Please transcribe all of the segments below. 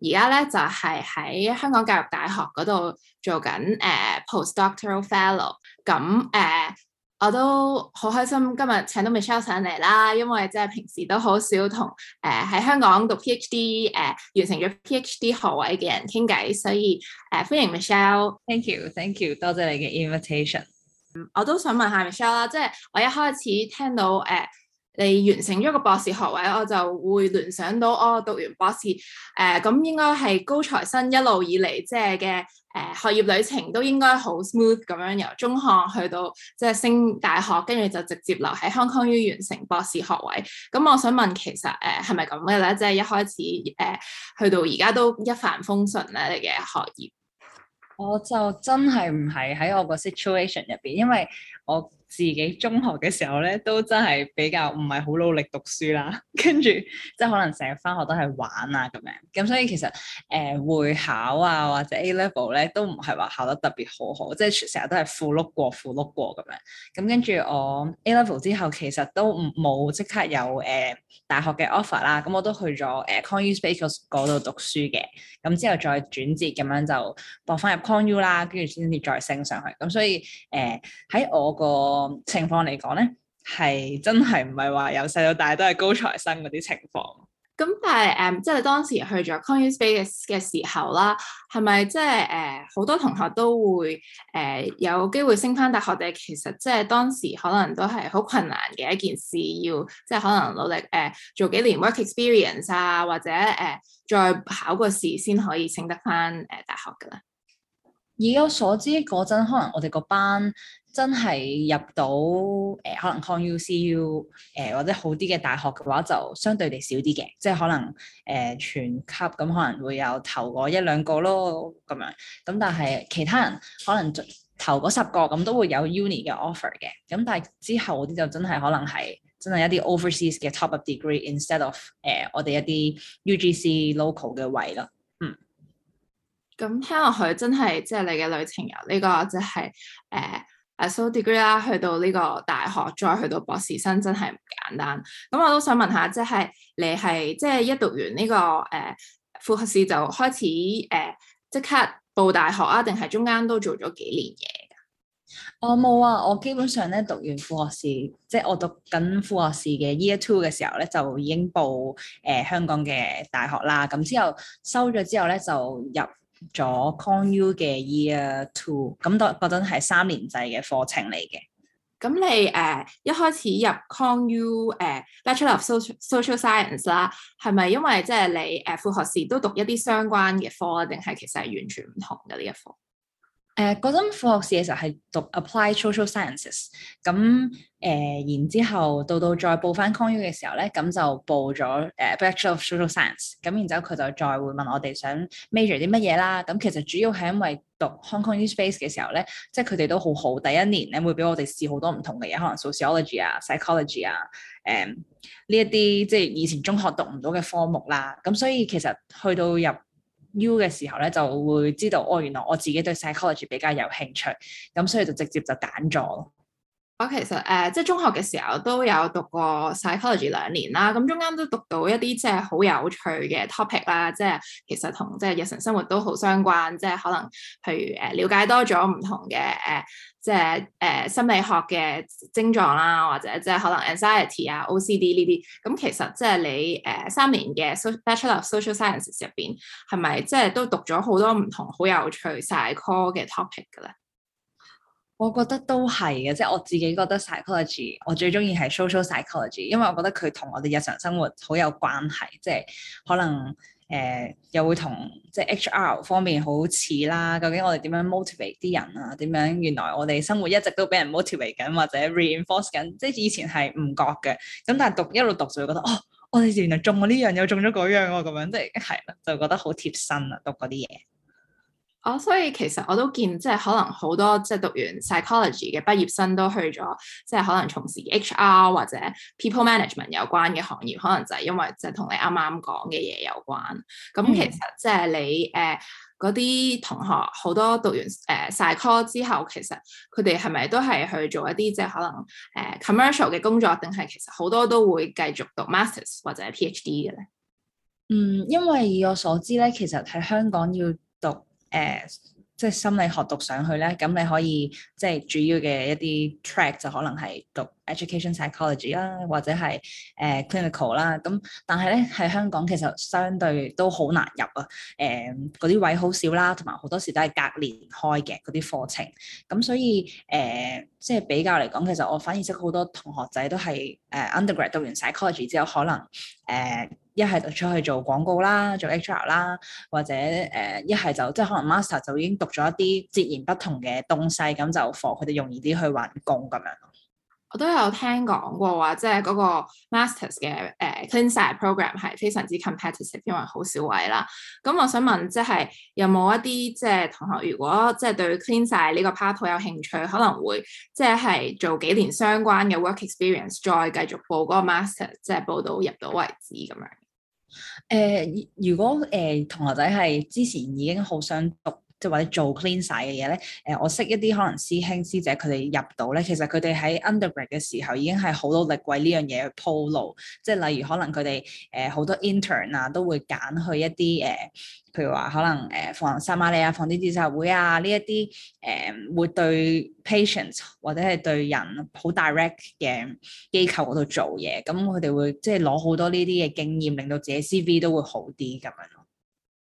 而家咧就係、是、喺香港教育大學嗰度做緊誒、呃、postdoctoral fellow，咁誒、呃、我都好開心今日請到 Michelle 上嚟啦，因為即係平時都好少同誒喺香港讀 PhD 誒、呃、完成咗 PhD 學位嘅人傾偈，所以誒、呃、歡迎 Michelle。Thank you，thank you，多謝你嘅 invitation、嗯。我都想問下 Michelle 啦，即、就、係、是、我一開始聽到誒、呃你完成咗個博士學位，我就會聯想到，我、哦、讀完博士，誒、呃、咁應該係高材生一路以嚟，即係嘅誒學業旅程都應該好 smooth 咁樣由中學去到即係升大學，跟住就直接留喺香港去完成博士學位。咁、嗯嗯、我想問，其實誒係咪咁嘅咧？即、呃、係、就是、一開始誒去、呃、到而家都一帆風順咧你嘅學業。我就真係唔係喺我個 situation 入邊，因為我。自己中學嘅時候咧，都真係比較唔係好努力讀書啦， 跟住即係可能成日返學都係玩啊咁樣，咁所以其實誒、呃、會考啊或者 A level 咧都唔係話考得特別好好，即係成日都係符碌過符碌過咁樣。咁跟住我 A level 之後，其實都冇即刻有誒、呃、大學嘅 offer 啦，咁我都去咗誒 HKU SPACE 嗰度讀書嘅，咁之後再轉節咁樣就搏返入 HKU 啦，跟住先至再升上去。咁所以誒喺、呃、我個情況嚟講咧，係真係唔係話由細到大都係高材生嗰啲情況。咁、嗯、但係誒、嗯，即係當時去咗 HKU SPACE 嘅時候啦，係咪即係誒好多同學都會誒、呃、有機會升翻大學？定其實即係當時可能都係好困難嘅一件事，要即係可能努力誒、呃、做幾年 work experience 啊，或者誒、呃、再考個試先可以升得翻誒大學噶咧。以我所知，嗰陣可能我哋個班。真係入到誒、呃，可能 ConU、呃、CU 誒或者好啲嘅大學嘅話，就相對地少啲嘅，即係可能誒、呃、全級咁、嗯、可能會有頭嗰一兩個咯咁樣。咁但係其他人可能頭嗰十個咁、嗯、都會有 uni 嘅 offer 嘅。咁但係之後嗰啲就真係可能係真係一啲 overseas 嘅 top up degree，instead of 誒我哋一啲 UGC local 嘅位咯。嗯。咁、嗯、聽落去真係即係你嘅旅程由呢、這個即係誒。就是呃啊，so degree 啦，去到呢個大學，再去到博士生真係唔簡單。咁我都想問下，即係你係即係一讀完呢個誒副學士就開始誒即刻報大學啊？定係中間都做咗幾年嘢？我冇啊！我基本上咧讀完副學士，即係我讀緊副學士嘅 year two 嘅時候咧，就已經報誒香港嘅大學啦。咁之後收咗之後咧，就入咗 ConU 嘅 Year Two，咁都嗰陣係三年制嘅課程嚟嘅。咁你誒、uh, 一開始入 ConU 誒、uh, Bachelor of Social Social Science 啦，係咪因為即係、就是、你誒、uh, 副學士都讀一啲相關嘅科，定係其實係完全唔同嘅呢一科？誒嗰陣副學士嘅時候係讀 apply social sciences，咁誒、呃、然之後到到再報翻 Kong U 嘅時候咧，咁就報咗誒、uh, bachelor of social science，咁然之後佢就再會問我哋想 major 啲乜嘢啦，咁其實主要係因為讀 HKU SPACE 嘅時候咧，即係佢哋都好好，第一年咧會俾我哋試好多唔同嘅嘢，可能 sociology 啊、psychology 啊，誒、嗯、呢一啲即係以前中學讀唔到嘅科目啦，咁所以其實去到入 U 嘅時候咧，就會知道我、哦、原來我自己對 psychology 比較有興趣，咁所以就直接就揀咗。我其實誒，okay, so, uh, 即係中學嘅時候都有讀過 psychology 兩年啦，咁中間都讀到一啲即係好有趣嘅 topic 啦，即係其實同即係日常生活都好相關，即係可能譬如誒了解多咗唔同嘅誒、呃，即係誒、呃、心理學嘅症狀啦，或者即係可能 anxiety 啊、OCD 呢啲，咁其實即係你誒三、呃、年嘅、so, Bachelor of Social Sciences 入邊，係咪即係都讀咗好多唔同好有趣 psychology 嘅 topic 㗎喇？我覺得都係嘅，即係我自己覺得 psychology，我最中意係 social psychology，因為我覺得佢同我哋日常生活好有關係，即係可能誒、呃、又會同即係 HR 方面好似啦。究竟我哋點樣 motivate 啲人啊？點樣原來我哋生活一直都俾人 motivate 緊，或者 reinforce 緊，即係以前係唔覺嘅。咁但係讀一路讀就會覺得哦，我哋原來中咗呢樣又中咗嗰樣啊，咁樣即係係啦，就覺得好貼身啊，讀嗰啲嘢。Oh, 所以其實我都見即係、就是、可能好多即係、就是、讀完 psychology 嘅畢業生都去咗，即、就、係、是、可能從事 HR 或者 people management 有關嘅行業，可能就係因為即係同你啱啱講嘅嘢有關。咁其實即係、就是、你誒嗰啲同學好多讀完誒 psychology 之後，其實佢哋係咪都係去做一啲即係可能誒、呃、commercial 嘅工作，定係其實好多都會繼續讀 master 或者 PhD 嘅咧？嗯，因為以我所知咧，其實喺香港要讀。誒、呃，即係心理學讀上去咧，咁你可以即係主要嘅一啲 track 就可能係讀 education psychology 啦，或者係誒、呃、clinical 啦。咁但係咧喺香港其實相對都好難入啊。誒、呃，嗰啲位好少啦，同埋好多時都係隔年開嘅嗰啲課程。咁所以誒、呃，即係比較嚟講，其實我反而識好多同學仔都係誒 undergrad 讀完 psychology 之後，可能誒、呃一係就出去做廣告啦，做 HR 啦，或者誒一係就即係可能 master 就已經讀咗一啲截然不同嘅東西，咁就幫佢哋容易啲去揾工咁樣。我都有聽講過話，即係嗰個 master's 嘅誒、呃、clean size program 係非常之 competitive，因為好少位啦。咁我想問，即係有冇一啲即係同學，如果即係對 clean size 呢個 part 好有興趣，可能會即係做幾年相關嘅 work experience，再繼續報嗰個 master，即係報到入到為止咁樣。誒、呃，如果誒、呃、同學仔係之前已經好想讀。即係或者做 clean 晒嘅嘢咧，誒，我識一啲可能師兄師姐佢哋入到咧，其實佢哋喺 undergrad 嘅時候已經係好努力為呢樣嘢去鋪路。即係例如可能佢哋誒好多 intern 啊，都會揀去一啲誒，譬如話可能誒防撒瑪利亞防止自殺會啊呢一啲誒會對 patients 或者係對人好 direct 嘅機構嗰度做嘢，咁佢哋會即係攞好多呢啲嘅經驗，令到自己 CV 都會好啲咁樣咯。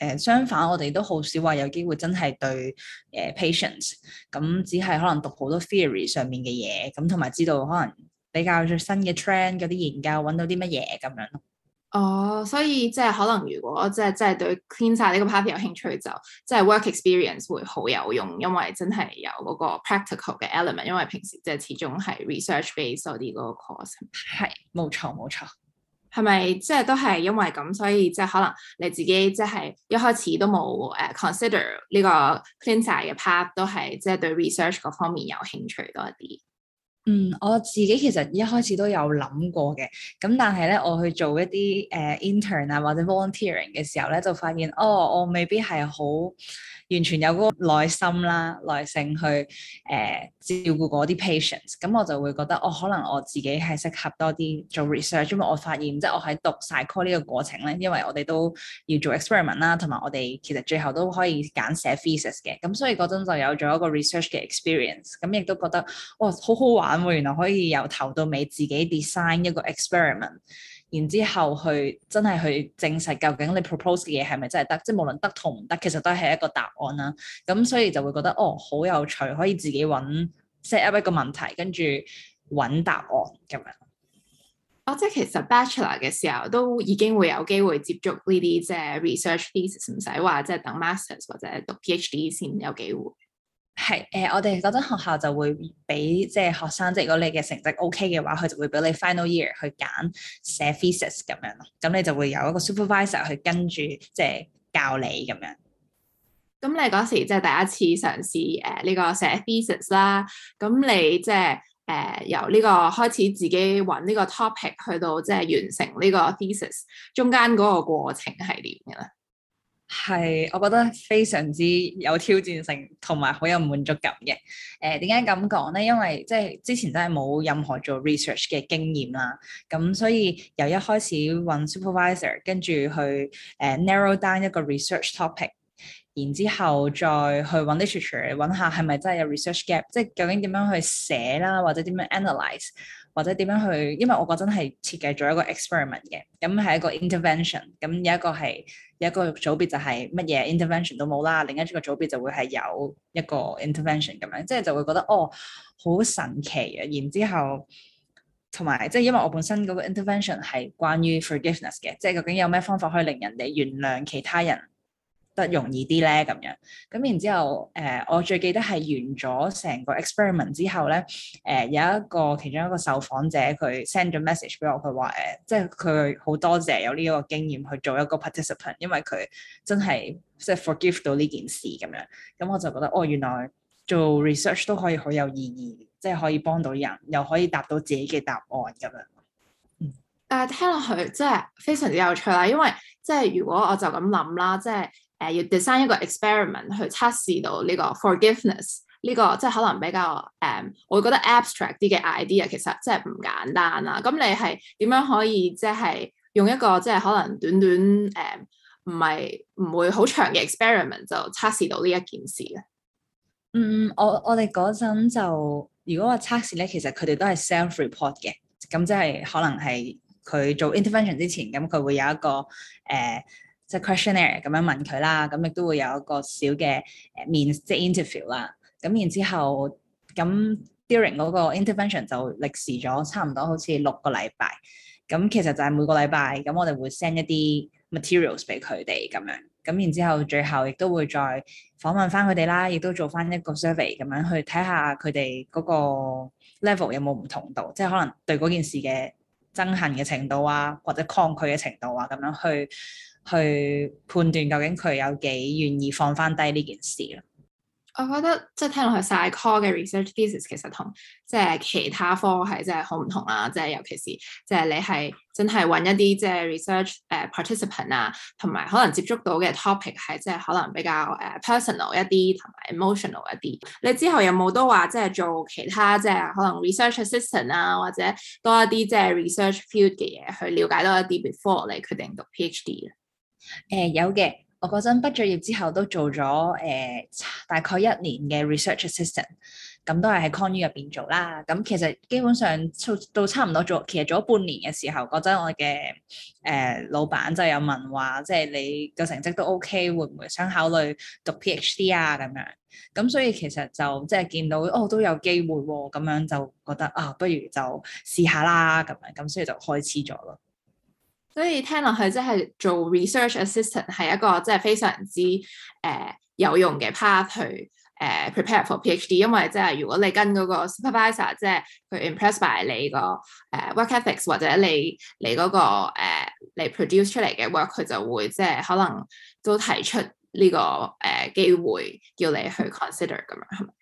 誒相反，我哋都好少話有機會真係對誒 patients，咁只係可能讀好多 theory 上面嘅嘢，咁同埋知道可能比較最新嘅 trend 嗰啲研究揾到啲乜嘢咁樣咯。哦，oh, 所以即係可能如果即係即係對 clean 曬呢個 party 有興趣，就即係 work experience 會好有用，因為真係有嗰個 practical 嘅 element，因為平時即係始終係 research base 嗰啲嗰個 course。係，冇錯冇錯。係咪即係都係因為咁，所以即係可能你自己即係一開始都冇誒、uh, consider 呢個 clinical 嘅 part，都係即係對 research 嗰方面有興趣多一啲。嗯，我自己其實一開始都有諗過嘅，咁但係咧，我去做一啲誒、uh, intern 啊或者 volunteering 嘅時候咧，就發現哦，我未必係好。完全有嗰個耐心啦、耐性去誒、呃、照顧嗰啲 patients，咁我就會覺得，哦，可能我自己係適合多啲做 research。因為我發現即係我喺讀 psychology 呢個過程咧，因為我哋都要做 experiment 啦，同埋我哋其實最後都可以揀寫 thesis 嘅，咁所以嗰陣就有咗一個 research 嘅 experience，咁亦都覺得，哇、哦，好好玩喎、哦！原來可以由頭到尾自己 design 一個 experiment。然之後去真係去證實究竟你 propose 嘅嘢係咪真係得，即係無論得同唔得，其實都係一個答案啦。咁所以就會覺得哦，好有趣，可以自己揾 set up 一個問題，跟住揾答案咁樣。哦，即係其實 bachelor 嘅時候都已經會有機會接觸呢啲即係 research thesis，唔使話即係等 masters 或者讀 PhD 先有機會。係誒、呃，我哋嗰得學校就會俾即係學生，即係如果你嘅成績 OK 嘅話，佢就會俾你 final year 去揀寫 thesis 咁樣咯。咁你就會有一個 supervisor 去跟住即係教你咁樣。咁你嗰時即係第一次嘗試誒呢個寫 thesis 啦。咁你即係誒由呢個開始自己搵呢個 topic 去到即係完成呢個 thesis 中間嗰個過程係點嘅咧？係，我覺得非常之有挑戰性，同埋好有滿足感嘅。誒、呃，點解咁講呢？因為即係之前真係冇任何做 research 嘅經驗啦，咁所以由一開始揾 supervisor，跟住去誒、呃、narrow down 一個 research topic。然之後再去揾 literature，揾下係咪真係有 research gap，即係究竟點樣去寫啦，或者點樣 analyse，或者點樣去，因為我覺得係設計咗一個 experiment 嘅，咁係一個 intervention，咁有一個係有一個組別就係乜嘢 intervention 都冇啦，另一個組別就會係有一個 intervention 咁樣，即係就會覺得哦，好神奇啊！然之後同埋即係因為我本身嗰個 intervention 係關於 forgiveness 嘅，即係究竟有咩方法可以令人哋原諒其他人。得容易啲咧咁樣，咁然之後，誒、呃，我最記得係完咗成個 experiment 之後咧，誒、呃，有一個其中一個受訪者佢 send 咗 message 俾我，佢話，誒、呃，即係佢好多謝有呢個經驗去做一個 participant，因為佢真係即係 forgive 到呢件事咁樣，咁我就覺得，哦，原來做 research 都可以好有意義，即係可以幫到人，又可以答到自己嘅答案咁樣。嗯，誒、uh，聽落去即係非常之有趣啦，因為即係如果我就咁諗啦，即係。誒、呃、要 design 一個 experiment 去測試到呢個 forgiveness 呢個即係可能比較誒、呃，我覺得 abstract 啲嘅 idea 其實即係唔簡單啦。咁你係點樣可以即係用一個即係可能短短誒，唔係唔會好長嘅 experiment 就測試到呢一件事咧？嗯，我我哋嗰陣就如果話測試咧，其實佢哋都係 self report 嘅，咁即係可能係佢做 intervention 之前，咁佢會有一個誒。呃即係 questionnaire 咁樣問佢啦，咁亦都會有一個小嘅誒面即係 interview 啦。咁、然之後、然之後，咁 during 嗰個 intervention 就歷時咗差唔多好似六個禮拜。咁其實就係每個禮拜，咁我哋會 send 一啲 materials 俾佢哋咁樣。咁然之後，最後亦都會再訪問翻佢哋啦，亦都做翻一個 survey 咁樣去睇下佢哋嗰個 level 有冇唔同度，即係可能對嗰件事嘅憎恨嘅程度啊，或者抗拒嘅程度啊咁樣去。去判斷究竟佢有幾願意放翻低呢件事咯。我覺得即係聽落去晒 call 嘅 research thesis，其實同即係其他科係真係好唔同啊！即係尤其是即係你係真係揾一啲即係 research 誒、uh, participant 啊，同埋可能接觸到嘅 topic 係即係可能比較誒、uh, personal 一啲同埋 emotional 一啲。你之後有冇都話即係做其他即係可能 research assistant 啊，或者多一啲即係 research field 嘅嘢去了解多一啲 before 你決定讀 PhD？誒、呃，有嘅，我嗰陣畢咗業之後都做咗誒、呃，大概一年嘅 research assistant，咁都係喺康院入邊做啦。咁其實基本上到差唔多做，其實做咗半年嘅時候，嗰陣我嘅誒、呃、老闆就有問話，即、就、係、是、你嘅成績都 OK，會唔會想考慮讀 PhD 啊？咁樣咁所以其實就即係、就是、見到哦都有機會咁、哦、樣，就覺得啊、哦、不如就試下啦咁樣，咁所以就開始咗咯。所以聽落去，即係做 research assistant 係一個即係非常之誒、呃、有用嘅 part 去誒、呃、prepare for PhD。因為即係如果你跟嗰個 supervisor，即係佢 impressed by 你個誒 work ethics 或者你你嗰、那個誒、呃、你 produce 出嚟嘅 work，佢就會即係可能都提出呢、這個誒機、呃、會叫你去 consider 咁樣，係咪？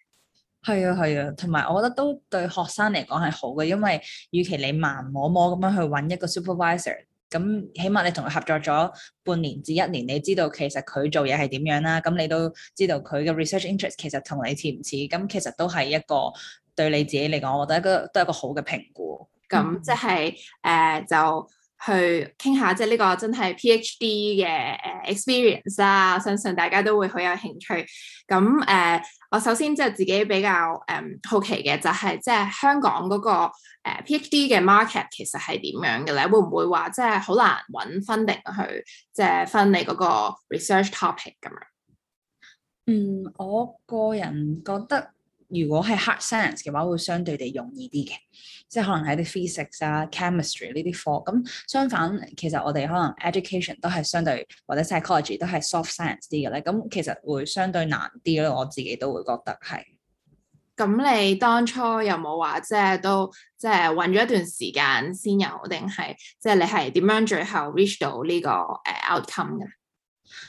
係啊係啊，同埋我覺得都對學生嚟講係好嘅，因為與其你盲摸摸咁樣去揾一個 supervisor。咁起碼你同佢合作咗半年至一年，你知道其實佢做嘢係點樣啦。咁你都知道佢嘅 research interest 其實同你似唔似？咁其實都係一個對你自己嚟講，我覺得一個都係一個好嘅評估。咁即係誒就是。呃就去傾下，即係呢個真係 PhD 嘅誒 experience 啦，相信大家都會好有興趣。咁誒、呃，我首先即係自己比較誒好奇嘅、就係，就係即係香港嗰個 PhD 嘅 market 其實係點樣嘅咧？會唔會話即係好難揾 funding 去即係分你嗰個 research topic 咁樣？嗯，我個人覺得。如果係 hard science 嘅話，會相對地容易啲嘅，即係可能係啲 physics 啊、chemistry 呢啲科。咁相反，其實我哋可能 education 都係相對，或者 psychology 都係 soft science 啲嘅咧。咁其實會相對難啲咯，我自己都會覺得係。咁你當初有冇話即係都即係揾咗一段時間先有，定係即係你係點樣最後 reach 到呢個誒 outcome 嘅？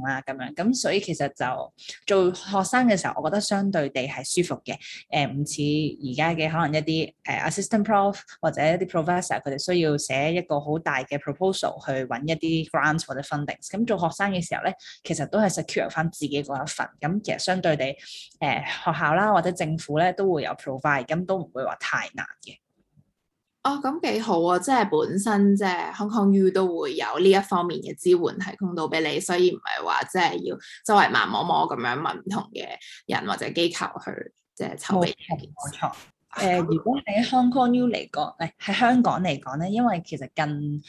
啦咁樣，咁所以其實就做學生嘅時候，我覺得相對地係舒服嘅，誒唔似而家嘅可能一啲誒、呃、assistant prof 或者一啲 professor，佢哋需要寫一個好大嘅 proposal 去搵一啲 grants 或者 funding、嗯。咁做學生嘅時候咧，其實都係 secure 翻自己嗰一份。咁、嗯、其實相對地，誒、呃、學校啦或者政府咧都會有 provide，咁、嗯、都唔會話太難嘅。哦，咁幾好啊！即係本身即係 Hong Kong U 都會有呢一方面嘅支援提供到俾你，所以唔係話即係要周圍盲摸摸咁樣問唔同嘅人或者機構去即係籌備。冇錯。誒、呃，如果喺 Hong Kong U 嚟講，誒、哎、喺香港嚟講咧，因為其實近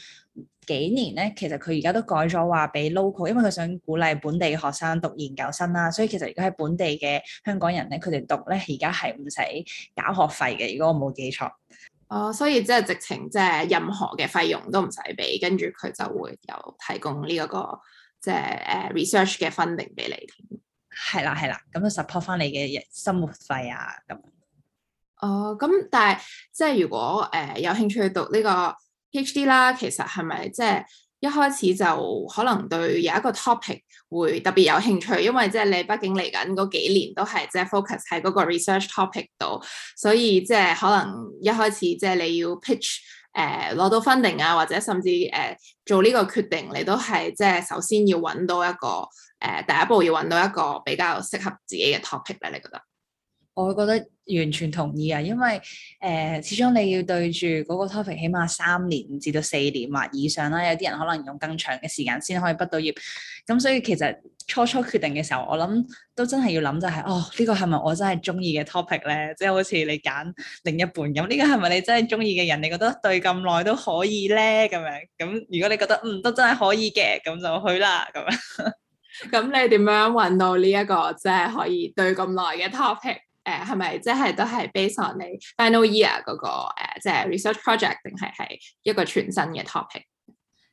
幾年咧，其實佢而家都改咗話俾 local，因為佢想鼓勵本地嘅學生讀研究生啦，所以其實而家喺本地嘅香港人咧，佢哋讀咧而家係唔使搞學費嘅，如果我冇記錯。哦，所以、oh, so, 即係直情即係任何嘅費用都唔使俾，跟住佢就會有提供呢、這、一個即係誒、啊、research 嘅 funding 俾你。係啦，係 啦，咁就 support 翻你嘅日生活費啊咁。哦 ，咁但係即係如果誒、呃、有興趣去讀呢個 PhD 啦，其實係咪即係一開始就可能對有一個 topic？會特別有興趣，因為即係你畢竟嚟緊嗰幾年都係即係 focus 喺嗰個 research topic 度，所以即係可能一開始即係你要 pitch 誒、呃、攞到 funding 啊，或者甚至誒、呃、做呢個決定，你都係即係首先要揾到一個誒、呃、第一步要揾到一個比較適合自己嘅 topic 咧，你覺得？我覺得完全同意啊，因為誒、呃、始終你要對住嗰個 topic，起碼三年至到四年或以上啦、啊。有啲人可能用更長嘅時間先可以畢到業。咁所以其實初初決定嘅時候，我諗都真係要諗就係、是、哦，呢個係咪我真係中意嘅 topic 咧？即、就、係、是、好似你揀另一半咁，呢個係咪你真係中意嘅人？你覺得對咁耐都可以咧？咁樣咁如果你覺得嗯都真係可以嘅，咁就去啦咁樣、這個。咁你點樣揾到呢一個即係可以對咁耐嘅 topic？誒，係咪即係都係 based on 你 final year 嗰、那個誒，即、uh, 係 research project，定係係一個全新嘅 topic？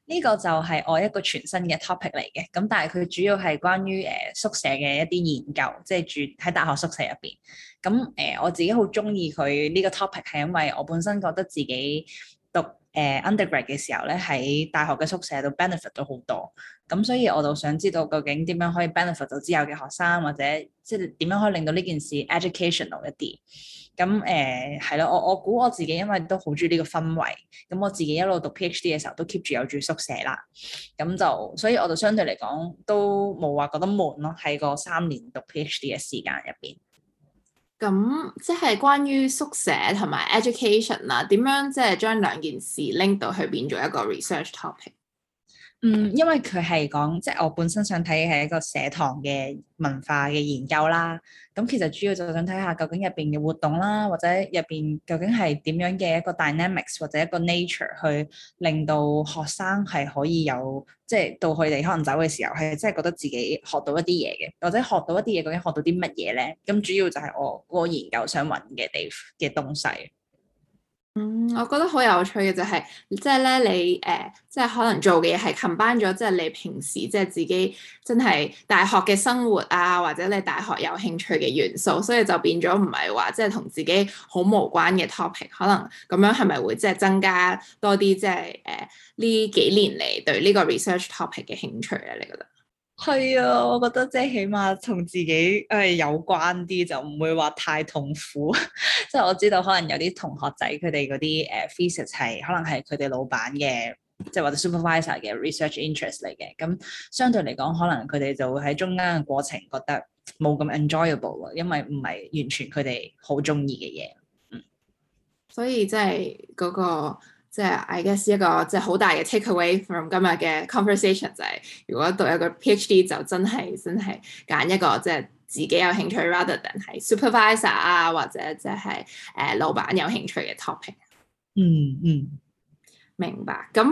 呢個就係我一個全新嘅 topic 嚟嘅。咁但係佢主要係關於誒、uh, 宿舍嘅一啲研究，即、就、係、是、住喺大學宿舍入邊。咁誒，uh, 我自己好中意佢呢個 topic，係因為我本身覺得自己讀。誒、uh, undergrad 嘅時候咧，喺大學嘅宿舍度 benefit 咗好多，咁所以我就想知道究竟點樣可以 benefit 到之後嘅學生，或者即係點樣可以令到呢件事 educational 一啲。咁誒係咯，我我估我自己因為都好中意呢個氛圍，咁我自己一路讀 Ph.D 嘅時候都 keep 住有住宿舍啦，咁就所以我就相對嚟講都冇話覺得悶咯，喺個三年讀 Ph.D 嘅時間入邊。咁即係，關於宿舍同埋 education 啊，點樣即係將兩件事拎到去變做一個 research topic？嗯，因為佢係講，即係我本身想睇嘅係一個社堂嘅文化嘅研究啦。咁其實主要就想睇下，究竟入邊嘅活動啦，或者入邊究竟係點樣嘅一個 dynamics 或者一個 nature 去令到學生係可以有，即係到佢哋可能走嘅時候，係真係覺得自己學到一啲嘢嘅，或者學到一啲嘢究竟學到啲乜嘢咧？咁主要就係我個研究想揾嘅地嘅東西。嗯，我覺得好有趣嘅就係、是，即係咧你誒，即、呃、係、就是、可能做嘅嘢係冚班咗，即係你平時即係自己真係大學嘅生活啊，或者你大學有興趣嘅元素，所以就變咗唔係話即係同自己好無關嘅 topic。可能噉樣係咪會即係增加多啲、就是，即係誒呢幾年嚟對呢個 research topic 嘅興趣咧？你覺得？係啊，我覺得即係起碼同自己誒有關啲，就唔會話太痛苦。即 係我知道可能有啲同學仔佢哋嗰啲誒 thesis 係可能係佢哋老闆嘅，即係或者 supervisor 嘅 research interest 嚟嘅。咁相對嚟講，可能佢哋就會喺中間嘅過程覺得冇咁 enjoyable，因為唔係完全佢哋好中意嘅嘢。嗯，所以即係嗰個。即係 I guess 一個即係好大嘅 takeaway from 今日嘅 conversation 就係如果讀一個 PhD 就真係真係揀一個即係自己有興趣，rather than 係 supervisor 啊或者即係誒老闆有興趣嘅 topic。嗯嗯，嗯，明白。咁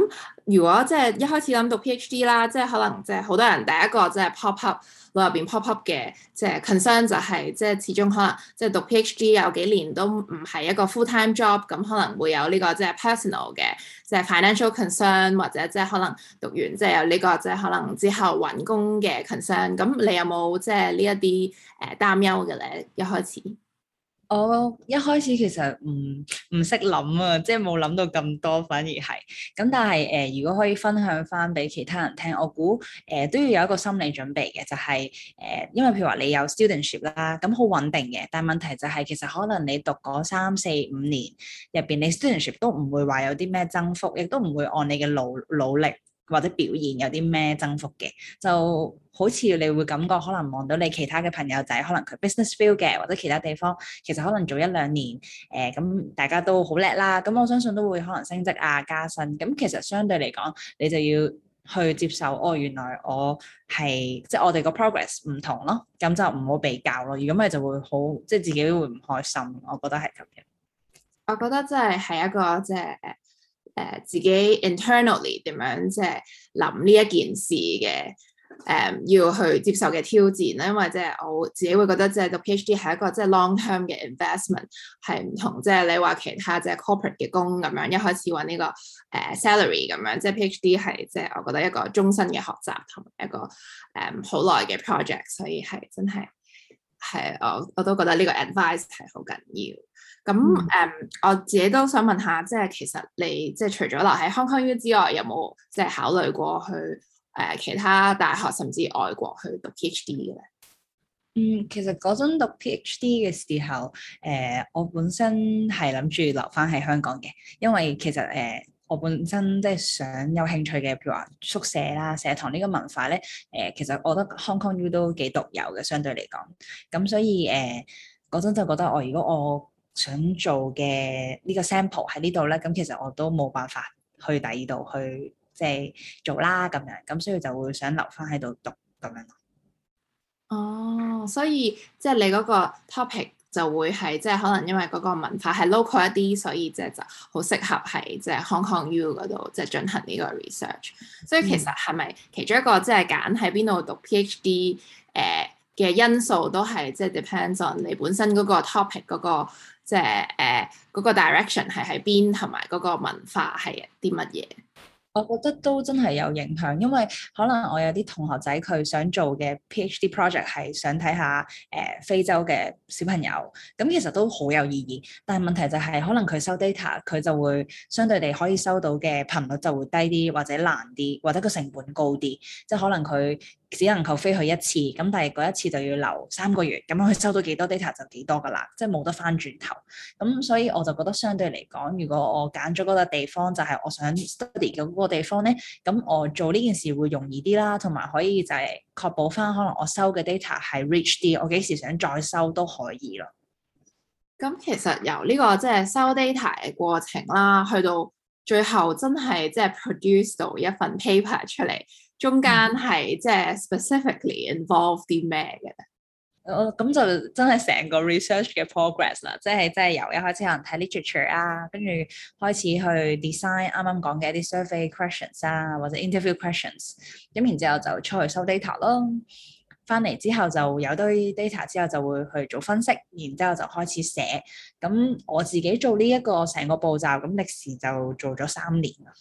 如果即係一開始諗讀 PhD 啦，即係可能即係好多人第一個即係 pop up。佢入邊 pop up 嘅即係 concern 就係、是、即係始終可能即係讀 PhD 有幾年都唔係一個 full time job，咁可能會有呢、這個即係 personal 嘅即係 financial concern，或者即係可能讀完即係有呢、這個即係可能之後揾工嘅 concern，咁你有冇即係、呃、呢一啲誒擔憂嘅咧？一開始？我、oh, 一開始其實唔唔識諗啊，即係冇諗到咁多，反而係咁。但係誒、呃，如果可以分享翻俾其他人聽，我估誒、呃、都要有一個心理準備嘅，就係、是、誒、呃，因為譬如話你有 studentship 啦、啊，咁好穩定嘅。但係問題就係、是，其實可能你讀嗰三四五年入邊，你 studentship 都唔會話有啲咩增幅，亦都唔會按你嘅努努力。或者表現有啲咩增幅嘅，就好似你會感覺可能望到你其他嘅朋友仔，可能佢 business feel 嘅或者其他地方，其實可能做一兩年，誒、呃、咁大家都好叻啦，咁我相信都會可能升職啊、加薪，咁其實相對嚟講，你就要去接受哦，原來我係即係我哋個 progress 唔同咯，咁就唔好比較咯，如果咪就會好即係自己會唔開心，我覺得係咁樣。我覺得即係係一個即係、就是誒、uh, 自己 internally 點樣即係諗呢一件事嘅誒、嗯、要去接受嘅挑戰咧，因為即係我自己會覺得即係讀 PhD 係一個即係 long term 嘅 investment，係唔同即係、就是、你話其他即係 corporate 嘅工咁樣，一開始揾呢個誒 salary 咁樣，即係 PhD 係即係我覺得一個終身嘅學習同埋一個誒好、um, 耐嘅 project，所以係真係。係，我我都覺得呢個 advice 係好緊要。咁，誒、嗯，um, 我自己都想問下，即係其實你即係除咗留喺香港 U 之外，有冇即係考慮過去誒、呃、其他大學甚至外國去讀 PhD 嘅咧？嗯，其實嗰陣讀 PhD 嘅時候，誒、呃，我本身係諗住留翻喺香港嘅，因為其實誒。呃我本身即係想有興趣嘅，譬如話宿舍啦、舍堂呢個文化咧，誒、呃、其實我覺得 Hong Kong U 都幾獨有嘅，相對嚟講。咁所以誒，嗰、呃、陣就覺得我如果我想做嘅呢個 sample 喺呢度咧，咁其實我都冇辦法去第二度去即係、就是、做啦咁樣。咁所以就會想留返喺度讀咁樣。哦，oh, 所以即係、就是、你嗰個 topic。就會係即係可能因為嗰個文化係 local 一啲，所以即係就好適合喺即係 Hong Kong U 嗰度即係進行呢個 research。所以其實係咪其中一個即係揀喺邊度讀 PhD 誒、呃、嘅因素都，都係即係 depends on 你本身嗰個 topic 嗰、嗰個即係誒嗰個 direction 係喺邊，同埋嗰個文化係啲乜嘢？我覺得都真係有影響，因為可能我有啲同學仔佢想做嘅 PhD project 係想睇下誒非洲嘅小朋友，咁其實都好有意義。但係問題就係可能佢收 data 佢就會相對地可以收到嘅頻率就會低啲，或者難啲，或者個成本高啲。即係可能佢只能夠飛去一次，咁但係嗰一次就要留三個月，咁佢收到幾多 data 就幾多㗎啦，即係冇得返轉頭。咁所以我就覺得相對嚟講，如果我揀咗嗰個地方就係我想 study 嘅嗰個地方咧，咁我做呢件事會容易啲啦，同埋可以就係確保翻，可能我收嘅 data 係 rich 啲，我幾時想再收都可以咯。咁其實由呢個即係收 data 嘅過程啦，去到最後真係即係 produce 到一份 paper 出嚟，中間係即係 specifically involve 啲咩嘅咧？我咁、哦、就真係成個 research 嘅 progress 啦，即係即係由一開始有人睇 literature 啊，跟住開始去 design 啱啱講嘅一啲 survey questions 啊，或者 interview questions，咁然之後就出去收 data 咯，返嚟之後就有堆 data 之後就會去做分析，然之後就開始寫。咁我自己做呢一個成個步驟，咁歷時就做咗三年啦。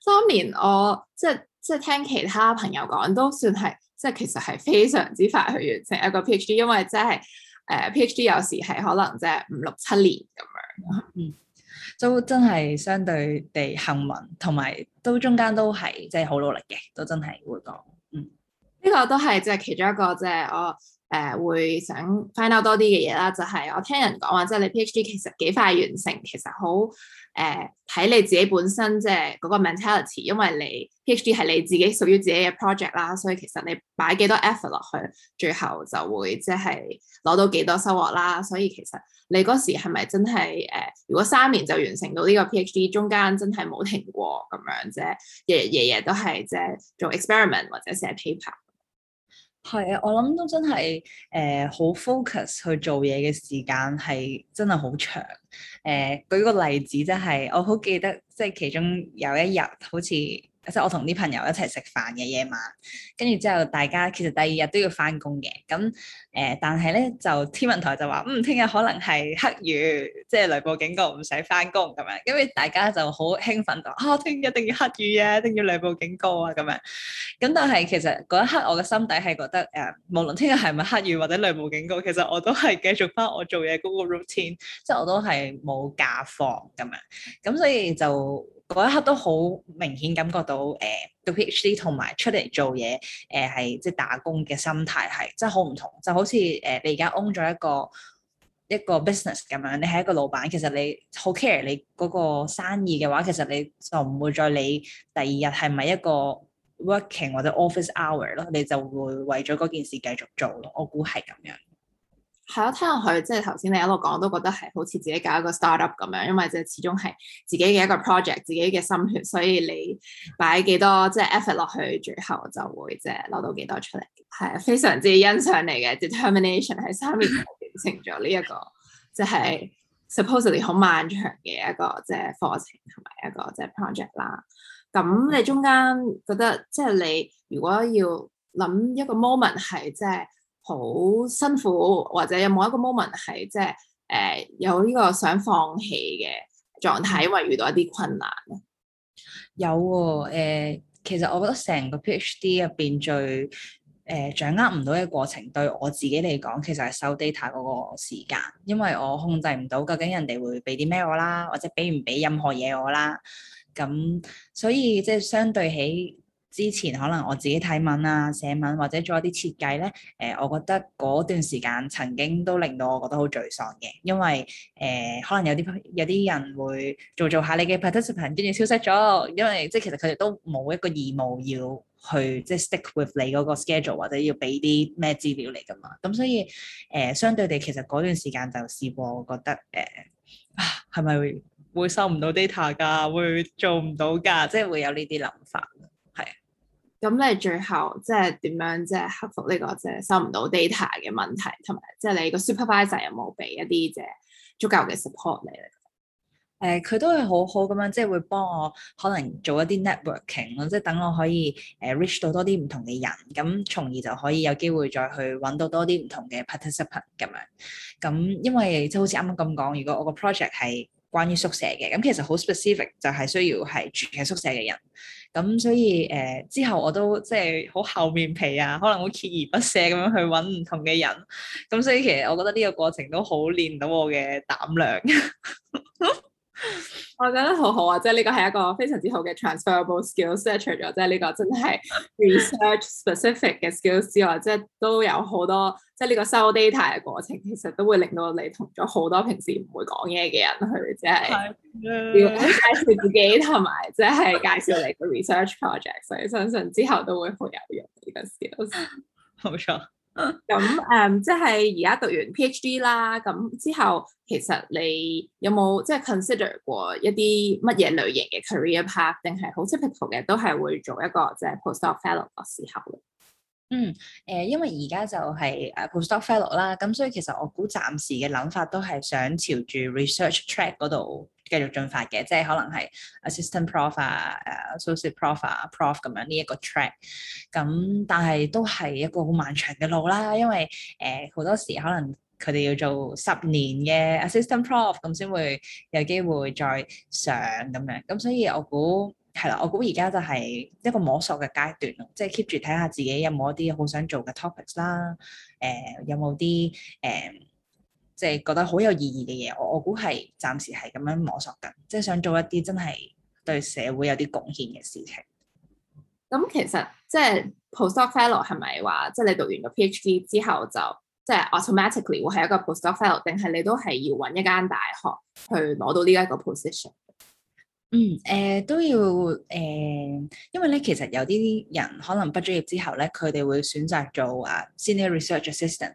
三 年我即係即係聽其他朋友講都算係。即係其實係非常之快去完成一個 PhD，因為即係誒 PhD 有時係可能即係五六七年咁樣，嗯，都真係相對地幸運，同埋都中間都係即係好努力嘅，都真係會講，嗯，呢個都係即係其中一個即係、就是、我。誒、呃、會想 find out 多啲嘅嘢啦，就係、是、我聽人講話，即係你 PhD 其實幾快完成，其實好誒睇你自己本身即係嗰個 mentality，因為你 PhD 係你自己屬於自己嘅 project 啦，所以其實你擺幾多 effort 落去，最後就會即係攞到幾多收穫啦。所以其實你嗰時係咪真係誒、呃，如果三年就完成到呢個 PhD，中間真係冇停過咁樣啫，日日夜夜都係即係做 experiment 或者寫 paper。係啊，我諗都真係誒好、呃、focus 去做嘢嘅時間係真係好長。誒、呃，舉個例子即係、就是，我好記得即係、就是、其中有一日好似，即係我同啲朋友一齊食飯嘅夜晚，跟住之後大家其實第二日都要翻工嘅，咁誒、呃，但係咧就天文台就話，嗯，聽日可能係黑雨，即係雷暴警告，唔使翻工咁樣，因為大家就好興奮，就啊，聽日一定要黑雨啊，一定要雷暴警告啊咁樣，咁但係其實嗰一刻我嘅心底係覺得誒、呃，無論聽日係咪黑雨或者雷暴警告，其實我都係繼續翻我做嘢嗰個 routine，即係我都係冇假放咁樣，咁所以就。嗰一刻都好明顯感覺到，誒、uh, 讀 PhD 同埋出嚟做嘢，誒、uh, 係即係打工嘅心態係真係好唔同，就好似誒、uh, 你而家 own 咗一個一個 business 咁樣，你係一個老闆，其實你好 care 你個生意嘅話，其實你就唔會再理第二日係咪一個 working 或者 office hour 咯，你就會為咗件事繼續做咯，我估係咁樣。係咯，聽落去即係頭先你一路講都覺得係好似自己搞一個 startup 咁樣，因為即係始終係自己嘅一個 project，自己嘅心血，所以你擺幾多即係 effort 落去，最後就會即係攞到幾多出嚟。係啊，非常之欣賞你嘅 determination 喺三年內完成咗呢、這個、 一個，即係 supposedly 好漫長嘅一個即係課程同埋一個即係 project 啦。咁你中間覺得即係你如果要諗一個 moment 係即係。好辛苦，或者有冇一個 moment 係即係、就、誒、是呃、有呢個想放棄嘅狀態，因為遇到一啲困難咧？有喎、哦呃、其實我覺得成個 PhD 入邊最誒、呃、掌握唔到嘅過程，對我自己嚟講，其實係收 data 嗰個時間，因為我控制唔到究竟人哋會俾啲咩我啦，或者俾唔俾任何嘢我啦。咁所以即係相對起，之前可能我自己睇文啊，寫文或者做一啲設計咧，誒、呃，我覺得嗰段時間曾經都令到我覺得好沮喪嘅，因為誒、呃、可能有啲有啲人會做做下你嘅 participant 跟住消失咗，因為即係其實佢哋都冇一個義務要去即係 stick with 你嗰個 schedule 或者要俾啲咩資料嚟噶嘛，咁所以誒、呃、相對地其實嗰段時間就試過我覺得誒啊係咪會收唔到 data 㗎？會做唔到㗎，即係會有呢啲諗法。咁你最後即係點樣即係克服呢個即係收唔到 data 嘅問題，同埋即係你個 supervisor 有冇俾一啲即係足夠嘅 support 你？誒、呃，佢都係好好咁樣，即係會幫我可能做一啲 networking 咯，即係等我可以誒、呃、reach 到多啲唔同嘅人，咁從而就可以有機會再去搵到多啲唔同嘅 participant 咁樣。咁因為即係好似啱啱咁講，如果我個 project 係，關於宿舍嘅，咁其實好 specific，就係需要係住喺宿舍嘅人。咁所以誒、呃，之後我都即係好厚面皮啊，可能會鍥而不捨咁樣去揾唔同嘅人。咁所以其實我覺得呢個過程都好練到我嘅膽量。 我覺得好好啊，即係呢個係一個非常之好嘅 transferable skills。即係除咗即係呢個真係 research specific 嘅 skills 之外，即係都有好多即係呢個收 data 嘅過程，其實都會令到你同咗好多平時唔會講嘢嘅人去即係介紹自己，同埋即係介紹你個 research project。所以相信之後都會好有用呢個 skills。冇錯。咁誒，即係而家讀完 PhD 啦，咁、呃、之後其實你有、就、冇、是、即係、啊、consider 過一啲乜嘢類型嘅 career path，定係好似 people 嘅都係會做一個即係 postdoc fellow 嘅時候咧？嗯，誒，因為而家就係誒 postdoc fellow 啦，咁所以其實我估暫時嘅諗法都係想朝住 research track 嗰度。繼續進發嘅，即係可能係 assistant prof 啊、誒 associate prof 啊、uh、prof 咁樣呢一個 track。咁但係都係一個好漫長嘅路啦，因為誒好、呃、多時可能佢哋要做十年嘅 assistant prof，咁先會有機會再上咁樣。咁所以我估係啦，我估而家就係一個摸索嘅階段咯，即係 keep 住睇下自己有冇一啲好想做嘅 topics 啦，誒、呃、有冇啲誒。呃即係覺得好有意義嘅嘢，我我估係暫時係咁樣摸索緊，即係想做一啲真係對社會有啲貢獻嘅事情。咁其實即係 postdoc fellow 係咪話，即係你讀完個 PhD 之後就即係 automatically 會係一個 postdoc fellow，定係你都係要揾一間大學去攞到呢一個 position？嗯，誒、呃、都要誒、呃，因為咧其實有啲人可能畢咗業之後咧，佢哋會選擇做啊 senior research assistant。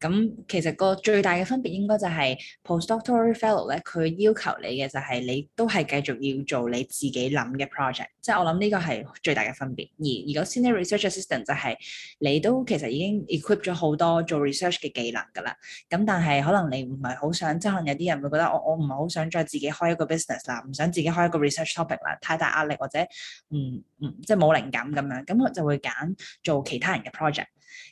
咁其實個最大嘅分別應該就係 postdoctoral fellow 咧，佢要求你嘅就係你都係繼續要做你自己諗嘅 project，即係我諗呢個係最大嘅分別。而如果 senior research assistant 就係你都其實已經 equip 咗好多做 research 嘅技能㗎啦。咁但係可能你唔係好想，即係可能有啲人會覺得我我唔係好想再自己開一個 business 啦，唔想自己開一個 research topic 啦，太大壓力或者嗯嗯即係冇靈感咁樣，咁佢就會揀做其他人嘅 project。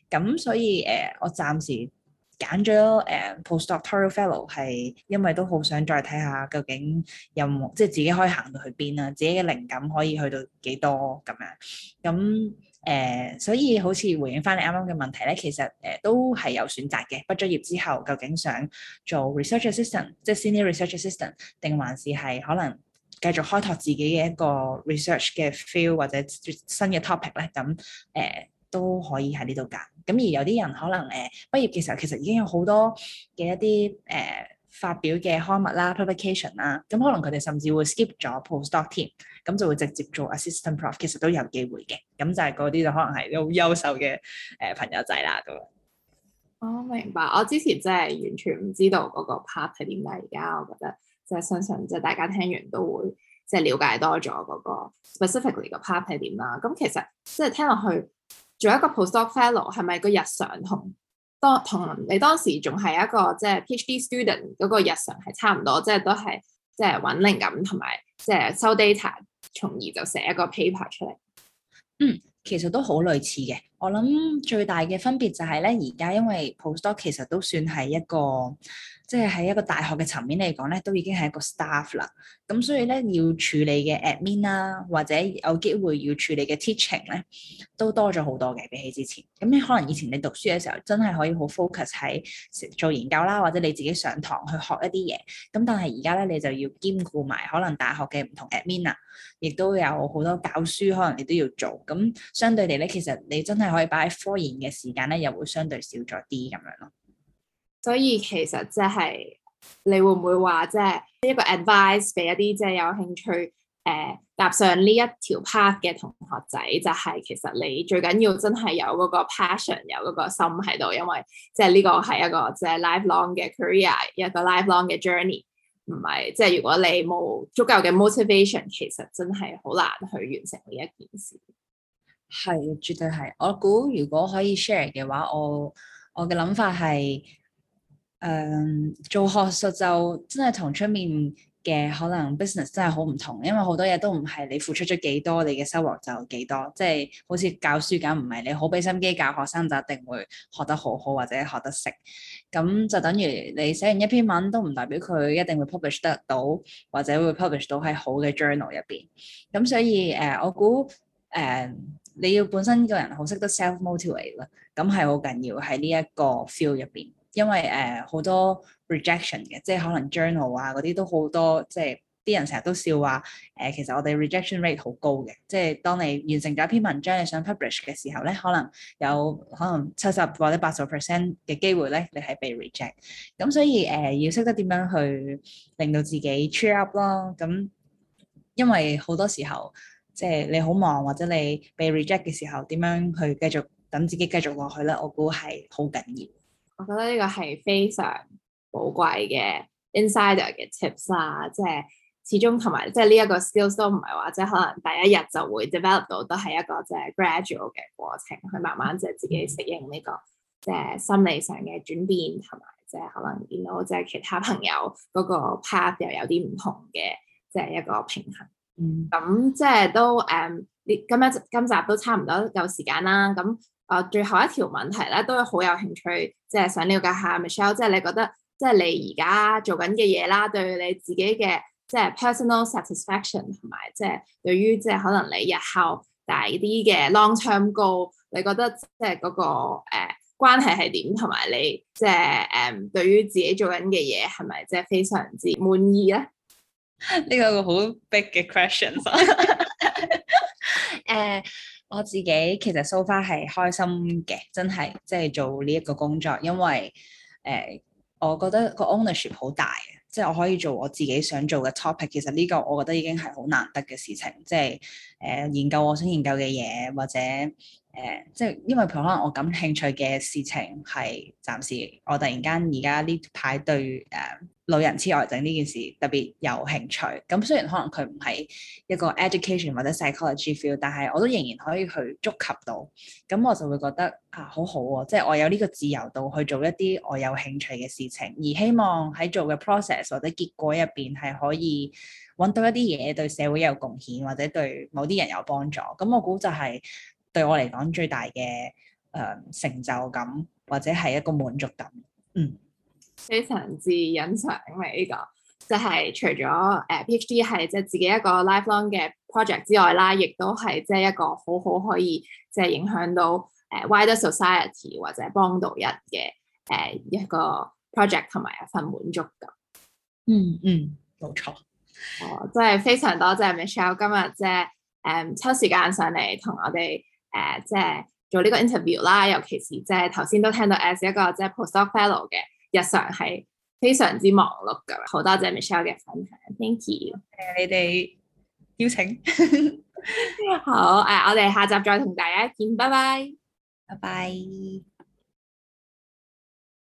咁所以誒、呃，我暫時。揀咗誒、uh, postdoctoral fellow 係，因為都好想再睇下究竟有冇，即係自己可以行到去邊啊，自己嘅靈感可以去到幾多咁樣。咁誒，uh, 所以好似回應翻你啱啱嘅問題咧，其實誒、uh, 都係有選擇嘅。畢咗業之後，究竟想做 research assistant，即係 senior research assistant，定還是係可能繼續開拓自己嘅一個 research 嘅 field 或者新嘅 topic 咧？咁誒。Uh, 都可以喺呢度揀。咁而有啲人可能誒畢業嘅時候，其實已經有好多嘅一啲誒發表嘅刊物啦、publication 啦。咁可能佢哋甚至會 skip 咗 postdoc team，咁就會直接做 assistant prof。其實都有機會嘅。咁就係嗰啲就可能係好優秀嘅誒朋友仔啦咁樣。我明白，我之前真係完全唔知道嗰個 part 係點解。而家我覺得即係相信，即係大家聽完都會即係了解多咗嗰個 specifically 個 part 係點啦。咁其實即係聽落去。做一個 postdoc fellow 係咪個日常同當同你當時仲係一個即係 PhD student 嗰個日常係差唔多，即係都係即係揾靈感同埋即係收 data，從而就寫一個 paper 出嚟。嗯，其實都好類似嘅。我諗最大嘅分別就係咧，而家因為 Postdoc 其實都算係一個，即係喺一個大學嘅層面嚟講咧，都已經係一個 staff 啦。咁所以咧，要處理嘅 admin 啦、啊，或者有機會要處理嘅 teaching 咧，都多咗好多嘅，比起之前。咁你可能以前你讀書嘅時候，真係可以好 focus 喺做研究啦，或者你自己上堂去學一啲嘢。咁但係而家咧，你就要兼顧埋可能大學嘅唔同 admin 啊，亦都有好多教書，可能你都要做。咁相對嚟咧，其實你真係～可以擺喺科研嘅時間咧，又會相對少咗啲咁樣咯。所以其實即係你會唔會話，即係一個 advice 俾一啲即係有興趣誒踏上呢一條 path 嘅同學仔，就係其實你最緊要真係有嗰個 passion，有嗰個心喺度，因為即係呢個係一個即係 lifelong 嘅 career，一個 lifelong 嘅 journey。唔係即係如果你冇足夠嘅 motivation，其實真係好難去完成呢一件事。係，絕對係。我估如果可以 share 嘅話，我我嘅諗法係，誒、嗯，做學術就真係同出面嘅可能 business 真係好唔同，因為好多嘢都唔係你付出咗幾多，你嘅收穫就幾多。即係好似教書咁，唔係你好俾心機教學生就一定會學得好好或者學得識。咁就等於你寫完一篇文都唔代表佢一定會 publish 得到，或者會 publish 到喺好嘅 journal 入邊。咁所以誒、呃，我估誒。呃你要本身個人好識得 self motivate 啦，咁係好緊要喺呢一個 field 入邊，因為誒好、呃、多 rejection 嘅，即係可能 journal 啊嗰啲都好多，即係啲人成日都笑話誒、呃，其實我哋 rejection rate 好高嘅，即係當你完成咗一篇文章你想 publish 嘅時候咧，可能有可能七十或者八十 percent 嘅機會咧，你係被 reject。咁所以誒、呃、要識得點樣去令到自己 cheer up 囉，咁因為好多時候。即係你好忙或者你被 reject 嘅時候，點樣去繼續等自己繼續落去咧？我估係好緊要。我覺得呢個係非常寶貴嘅 insider 嘅 tips 啦。就是終就是、即係始終同埋即係呢一個 skills 都唔係話即係可能第一日就會 develop 到，都係一個即係 gradual 嘅過程，去慢慢即係自己適應呢、這個即係、就是、心理上嘅轉變，同埋即係可能見到即係其他朋友嗰個 path 又有啲唔同嘅，即係一個平衡。咁、嗯、即係都誒，呢、嗯、今日今集都差唔多有時間啦。咁啊、哦，最後一條問題咧，都好有興趣，即、就、係、是、想了解下 Michelle，即係你覺得即係你而家做緊嘅嘢啦，對你自己嘅即係 personal satisfaction，同埋即係對於即係可能你日後大啲嘅 long term goal，你覺得即係嗰個誒、呃、關係係點？同埋你即係誒、嗯、對於自己做緊嘅嘢係咪即係非常之滿意咧？呢個好 big 嘅 questions。誒， uh, 我自己其實 so far 係開心嘅，真係即係做呢一個工作，因為誒，uh, 我覺得個 ownership 好大，即係我可以做我自己想做嘅 topic。其實呢個我覺得已經係好難得嘅事情，即係誒研究我想研究嘅嘢，或者誒即係因為可能我感興趣嘅事情係暫時，我突然間而家呢排對誒。Uh, 老人痴呆症呢件事特別有興趣，咁雖然可能佢唔係一個 education 或者 psychology field，但係我都仍然可以去觸及到，咁我就會覺得啊好好喎，即係我有呢個自由度去做一啲我有興趣嘅事情，而希望喺做嘅 process 或者結果入邊係可以揾到一啲嘢，對社會有貢獻或者對某啲人有幫助，咁我估就係對我嚟講最大嘅誒成就感或者係一個滿足感，嗯。非常之欣賞嘅呢個，就係除咗誒 PhD 係即係自己一個 lifelong 嘅 project 之外啦，亦都係即係一個好好可以即係影響到誒 wider society 或者幫到人嘅誒一個 project 同埋一份滿足感嗯。嗯嗯，冇錯。哦，真係非常多謝 Michelle 今日即係誒抽時間上嚟同我哋誒即係做呢個 interview 啦，尤其是即係頭先都聽到 As 一個即係 postdoc fellow 嘅。日常係非常之忙碌噶，好多謝 Michelle 嘅分享，thank you。誒，你哋邀請， 好，誒，我哋下集再同大家見，拜拜，拜拜。